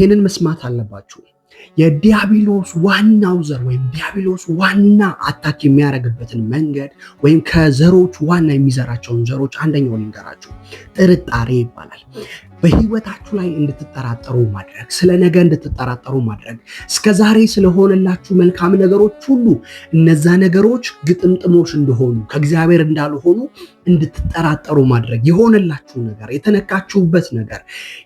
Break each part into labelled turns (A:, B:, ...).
A: ይህንን መስማት አለባችሁ። የዲያብሎስ ዋናው ዘር ወይም ዲያብሎስ ዋና አታክ የሚያደርግበትን መንገድ ወይም ከዘሮች ዋና የሚዘራቸውን ዘሮች አንደኛው ልንገራችሁ፣ ጥርጣሬ ይባላል። በህይወታችሁ ላይ እንድትጠራጠሩ ማድረግ፣ ስለ ነገ እንድትጠራጠሩ ማድረግ፣ እስከዛሬ ስለሆነላችሁ መልካም ነገሮች ሁሉ እነዛ ነገሮች ግጥምጥሞች እንደሆኑ ከእግዚአብሔር እንዳልሆኑ እንድትጠራጠሩ ማድረግ፣ የሆነላችሁ ነገር፣ የተነካችሁበት ነገር፣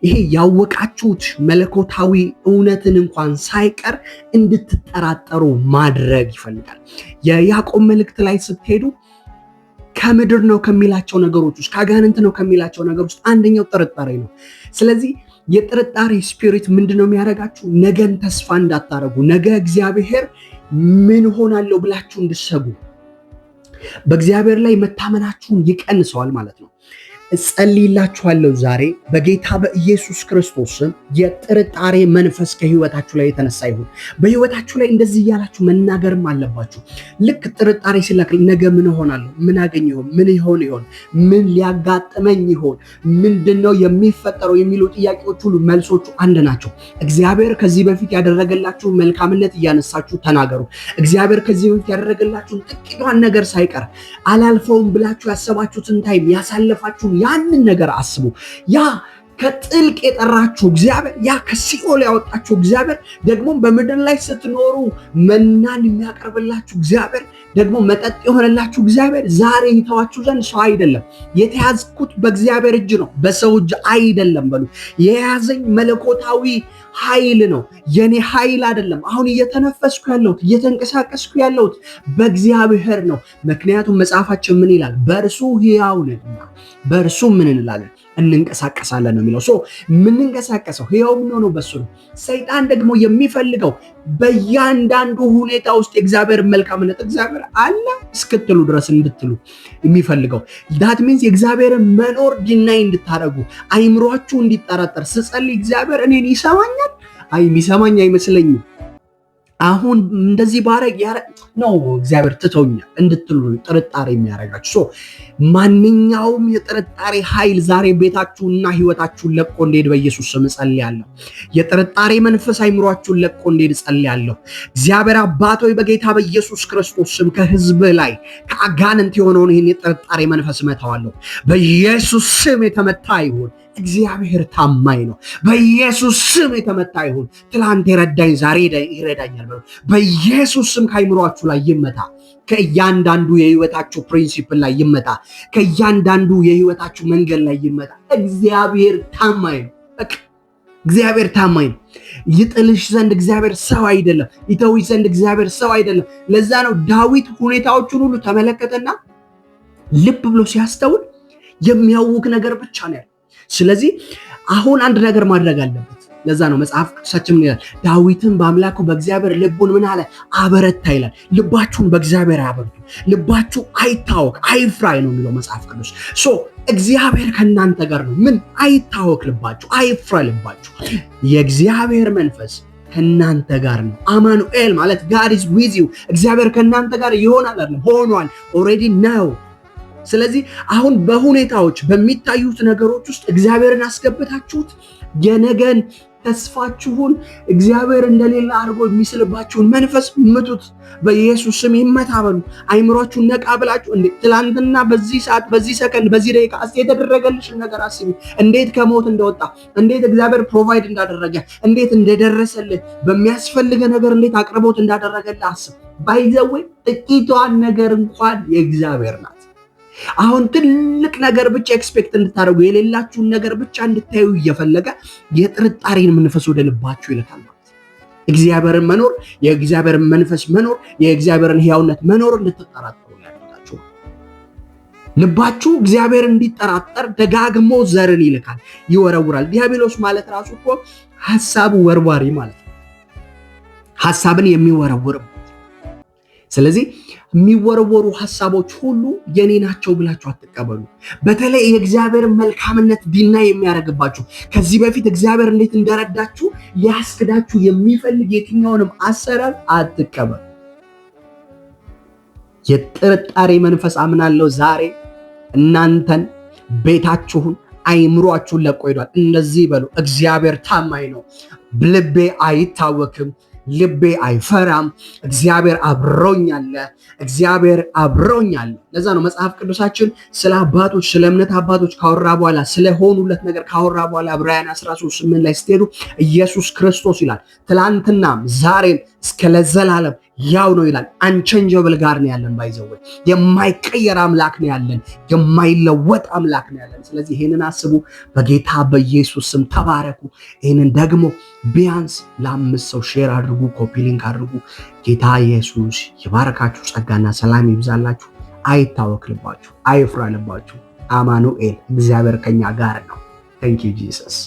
A: ይሄ ያወቃችሁት መለኮታዊ እውነትን እንኳን ሳይቀር እንድትጠራጠሩ ማድረግ ይፈልጋል። የያዕቆብ መልእክት ላይ ስትሄዱ ከምድር ነው ከሚላቸው ነገሮች ውስጥ ከአጋንንት ነው ከሚላቸው ነገር ውስጥ አንደኛው ጥርጣሬ ነው። ስለዚህ የጥርጣሬ ስፒሪት ምንድን ነው የሚያደርጋችሁ? ነገን ተስፋ እንዳታደርጉ፣ ነገ እግዚአብሔር ምን ሆናለሁ ብላችሁ እንድሰጉ፣ በእግዚአብሔር ላይ መታመናችሁን ይቀንሰዋል ማለት ነው። እጸልይላችኋለሁ ዛሬ በጌታ በኢየሱስ ክርስቶስ የጥርጣሬ መንፈስ ከህይወታችሁ ላይ የተነሳ ይሁን። በህይወታችሁ ላይ እንደዚህ እያላችሁ መናገርም አለባችሁ። ልክ ጥርጣሬ ሲላክል ነገ ምን እሆናለሁ? ምን አገኝ ይሆን? ምን ይሆን ይሆን? ምን ሊያጋጥመኝ ይሆን? ምንድን ነው የሚፈጠረው? የሚሉ ጥያቄዎች ሁሉ መልሶቹ አንድ ናቸው። እግዚአብሔር ከዚህ በፊት ያደረገላችሁ መልካምነት እያነሳችሁ ተናገሩ። እግዚአብሔር ከዚህ በፊት ያደረገላችሁን ጥቂቷን ነገር ሳይቀር አላልፈውም ብላችሁ ያሰባችሁትን ታይም ያሳለፋችሁ ያንን ነገር አስቡ። ያ ከጥልቅ የጠራችሁ እግዚአብሔር፣ ያ ከሲኦል ያወጣችሁ እግዚአብሔር፣ ደግሞ በምድር ላይ ስትኖሩ መናን የሚያቀርብላችሁ እግዚአብሔር፣ ደግሞ መጠጥ የሆነላችሁ እግዚአብሔር ዛሬ ይተዋችሁ ዘንድ ሰው አይደለም። የተያዝኩት በእግዚአብሔር እጅ ነው፣ በሰው እጅ አይደለም በሉ። የያዘኝ መለኮታዊ ኃይል ነው፣ የኔ ኃይል አይደለም። አሁን እየተነፈስኩ ያለሁት እየተንቀሳቀስኩ ያለሁት በእግዚአብሔር ነው። ምክንያቱም መጽሐፋችን ምን ይላል? በእርሱ ሕያው ነንና በእርሱ ምን እንላለን እንንቀሳቀሳለን ነው የሚለው። ሶ የምንንቀሳቀሰው ህያው የምንሆነው በሱ ነው። ሰይጣን ደግሞ የሚፈልገው በእያንዳንዱ ሁኔታ ውስጥ የእግዚአብሔር መልካምነት እግዚአብሔር አለ እስክትሉ ድረስ እንድትሉ የሚፈልገው ዳት ሚንስ የእግዚአብሔር መኖር ዲናይ እንድታደርጉ አይምሯችሁ እንዲጠራጠር። ስጸልይ እግዚአብሔር እኔን ይሰማኛል፣ አይ የሚሰማኝ አይመስለኝም አሁን እንደዚህ ባረግ ነው እግዚአብሔር ትተውኛ እንድትሉ ጥርጣሬ የሚያደርጋችሁ ማንኛውም የጥርጣሬ ኃይል ዛሬ ቤታችሁና ህይወታችሁን ለቆ እንደሄድ በኢየሱስ ስም እጸልያለሁ። የጥርጣሬ መንፈስ አይምሯችሁን ለቆ እንዲሄድ እጸልያለሁ። እግዚአብሔር አባት በጌታ በኢየሱስ ክርስቶስ ስም ከህዝብ ላይ ከአጋንንት የሆነውን ይህን የጥርጣሬ መንፈስ መተዋለሁ። በኢየሱስ ስም የተመታ ይሁን። እግዚአብሔር ታማኝ ነው። በኢየሱስ ስም የተመታ ይሁን። ትላንት የረዳኝ ዛሬ ይረዳኛል በሉ። በኢየሱስ ስም ከአይምሯችሁ ላይ ይመታ። ከእያንዳንዱ የህይወታችሁ ፕሪንሲፕል ላይ ይመታ። ከእያንዳንዱ የህይወታችሁ መንገድ ላይ ይመታ። እግዚአብሔር ታማኝ ነው። እግዚአብሔር ታማኝ ነው። ይጥልሽ ዘንድ እግዚአብሔር ሰው አይደለም። ይተውሽ ዘንድ እግዚአብሔር ሰው አይደለም። ለዛ ነው ዳዊት ሁኔታዎቹን ሁሉ ተመለከተና ልብ ብሎ ሲያስተውል የሚያውቅ ነገር ብቻ ነው ያለው። ስለዚህ አሁን አንድ ነገር ማድረግ አለበት። ለዛ ነው መጽሐፍ ቅዱሳችን ምን ይላል? ዳዊትን በአምላኩ በእግዚአብሔር ልቡን ምን አለ አበረታ ይላል። ልባችሁን በእግዚአብሔር አበርቱ፣ ልባችሁ አይታወክ አይፍራ ነው የሚለው መጽሐፍ ቅዱስ። ሶ እግዚአብሔር ከእናንተ ጋር ነው። ምን አይታወክ ልባችሁ፣ አይፍራ ልባችሁ። የእግዚአብሔር መንፈስ ከእናንተ ጋር ነው። አማኑኤል ማለት ጋድ ኢዝ ዊዝ ዩ፣ እግዚአብሔር ከእናንተ ጋር ይሆናል። ሆኗል፣ ኦልሬዲ ነው ስለዚህ አሁን በሁኔታዎች በሚታዩት ነገሮች ውስጥ እግዚአብሔርን አስገብታችሁት የነገን ተስፋችሁን እግዚአብሔር እንደሌለ አድርጎ የሚስልባችሁን መንፈስ ምቱት። በኢየሱስ ስም ይመታበሉ። በሉ። አይምሯችሁን ነቃ ብላችሁ እንዴ ትላንትና በዚህ ሰዓት፣ በዚህ ሰከንድ፣ በዚህ ደቂቃ እስኪ የተደረገልሽን ነገር አስቢ። እንዴት ከሞት እንደወጣ፣ እንዴት እግዚአብሔር ፕሮቫይድ እንዳደረገ፣ እንዴት እንደደረሰልህ፣ በሚያስፈልገ ነገር እንዴት አቅርቦት እንዳደረገልህ አስብ። ባይዘወይ ጥቂቷን ነገር እንኳን የእግዚአብሔር ናት። አሁን ትልቅ ነገር ብቻ ኤክስፔክት እንድታደርጉ የሌላችሁን ነገር ብቻ እንድታዩ እየፈለገ የጥርጣሬን መንፈስ ወደ ልባችሁ ይልካል ማለት እግዚአብሔርን መኖር የእግዚአብሔርን መንፈስ መኖር የእግዚአብሔርን ሕያውነት መኖር እንድትጠራጠሩ ያደርጋችሁ። ልባችሁ እግዚአብሔር እንዲጠራጠር ደጋግሞ ዘርን ይልካል፣ ይወረውራል። ዲያብሎስ ማለት ራሱ እኮ ሀሳብ ወርዋሪ ማለት ነው። ሀሳብን የሚወረውርም ስለዚህ የሚወረወሩ ሀሳቦች ሁሉ የኔ ናቸው ብላችሁ አትቀበሉ። በተለይ የእግዚአብሔር መልካምነት ዲና የሚያደርግባችሁ ከዚህ በፊት እግዚአብሔር እንዴት እንደረዳችሁ ሊያስክዳችሁ የሚፈልግ የትኛውንም አሰራር አትቀበሉ። የጥርጣሬ መንፈስ አምናለሁ ዛሬ እናንተን ቤታችሁን አይምሯችሁን ለቆ ሄዷል። እንደዚህ በሉ፣ እግዚአብሔር ታማኝ ነው፣ ልቤ አይታወክም ልቤ አይፈራም፣ እግዚአብሔር አብሮኛለ፣ እግዚአብሔር አብሮኛለ። ለዛ ነው መጽሐፍ ቅዱሳችን ስለ አባቶች ስለ እምነት አባቶች ካወራ በኋላ ስለሆኑለት ነገር ካወራ በኋላ ዕብራውያን 13 8 ላይ ስትሄዱ ኢየሱስ ክርስቶስ ይላል ትላንትናም ዛሬም እስከ ለዘላለም ያው ነው ይላል። አንቸንጀብል ጋር ነው ያለን፣ ባይዘወ የማይቀየር አምላክ ነው ያለን፣ የማይለወጥ አምላክ ነው ያለን። ስለዚህ ይህንን አስቡ። በጌታ በኢየሱስ ስም ተባረኩ። ይህንን ደግሞ ቢያንስ ለአምስት ሰው ሼር አድርጉ፣ ኮፒ ሊንክ አድርጉ። ጌታ ኢየሱስ የባረካችሁ፣ ጸጋና ሰላም ይብዛላችሁ። አይታወክልባችሁ፣ አይፍራልባችሁ። አማኑኤል እግዚአብሔር ከኛ ጋር ነው። ተንክ ዩ ጂሰስ